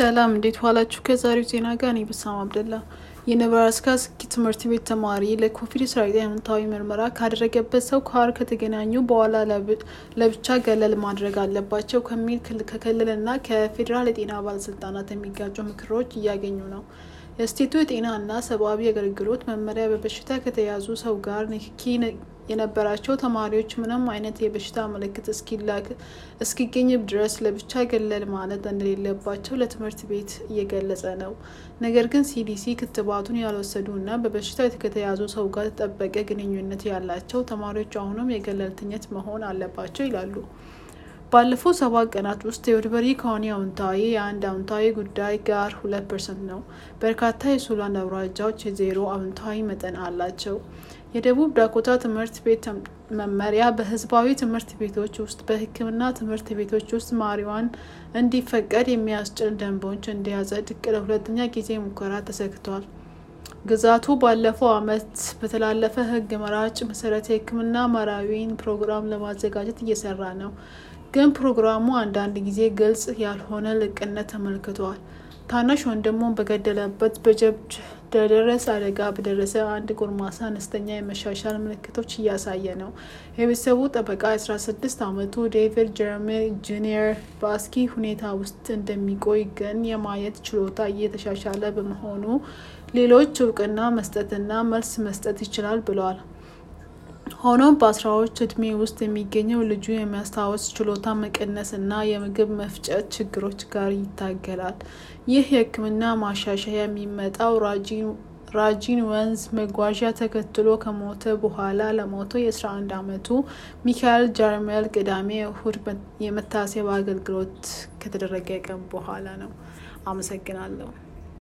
ሰላም እንዴት ዋላችሁ? ከዛሬው ዜና ጋር እኔ ብሳም አብደላ። የነብራስካ ስኪ ትምህርት ቤት ተማሪ ለኮቪድ አስራ ዘጠኝ ምርመራ ካደረገበት ሰው ጋር ከተገናኙ በኋላ ለብቻ ገለል ማድረግ አለባቸው ከሚል ከክልልና ከፌዴራል የጤና ባለስልጣናት የሚጋጩ ምክሮች እያገኙ ነው። የስቴቱ የጤና እና ሰብአዊ አገልግሎት መመሪያ በበሽታ ከተያዙ ሰው ጋር ንክኪ የነበራቸው ተማሪዎች ምንም አይነት የበሽታ ምልክት እስኪላክ እስኪገኝ ድረስ ለብቻ ገለል ማለት እንደሌለባቸው ለትምህርት ቤት እየገለጸ ነው። ነገር ግን ሲዲሲ ክትባቱን ያልወሰዱ እና በበሽታው ከተያዙ ሰው ጋር የተጠበቀ ግንኙነት ያላቸው ተማሪዎች አሁንም የገለልተኝነት መሆን አለባቸው ይላሉ። ባለፈው ሰባት ቀናት ውስጥ የወድበሪ ካውንቲ አውንታዊ የአንድ አውንታዊ ጉዳይ ጋር ሁለት ፐርሰንት ነው። በርካታ የሶላን አውራጃዎች የዜሮ አውንታዊ መጠን አላቸው። የደቡብ ዳኮታ ትምህርት ቤት መመሪያ በህዝባዊ ትምህርት ቤቶች ውስጥ በህክምና ትምህርት ቤቶች ውስጥ ማሪዋን እንዲፈቀድ የሚያስችል ደንቦች እንዲያጸድቅ ለሁለተኛ ጊዜ ሙከራ ተሰክቷል። ግዛቱ ባለፈው ዓመት በተላለፈ ህግ መራጭ መሰረት የህክምና መራዊን ፕሮግራም ለማዘጋጀት እየሰራ ነው። ግን ፕሮግራሙ አንዳንድ ጊዜ ግልጽ ያልሆነ ልቅነት ተመልክተዋል። ታናሽ ወንድሙን በገደለበት በጀብድ ደደረስ አደጋ በደረሰ አንድ ጎርማሳ አነስተኛ የመሻሻል ምልክቶች እያሳየ ነው። የቤተሰቡ ጠበቃ 16 ዓመቱ ዴቪድ ጀረሚ ጁኒየር በአስኪ ሁኔታ ውስጥ እንደሚቆይ ግን የማየት ችሎታ እየተሻሻለ በመሆኑ ሌሎች እውቅና መስጠትና መልስ መስጠት ይችላል ብለዋል። ሆኖም በአስራዎች እድሜ ውስጥ የሚገኘው ልጁ የሚያስታወስ ችሎታ መቀነስ እና የምግብ መፍጨት ችግሮች ጋር ይታገላል። ይህ የሕክምና ማሻሻያ የሚመጣው ራጂን ወንዝ መጓዣ ተከትሎ ከሞተ በኋላ ለሞቶ የ11 ዓመቱ ሚካኤል ጃርሜል ቅዳሜ እሁድ የመታሰቢያ አገልግሎት ከተደረገ ቀን በኋላ ነው። አመሰግናለሁ።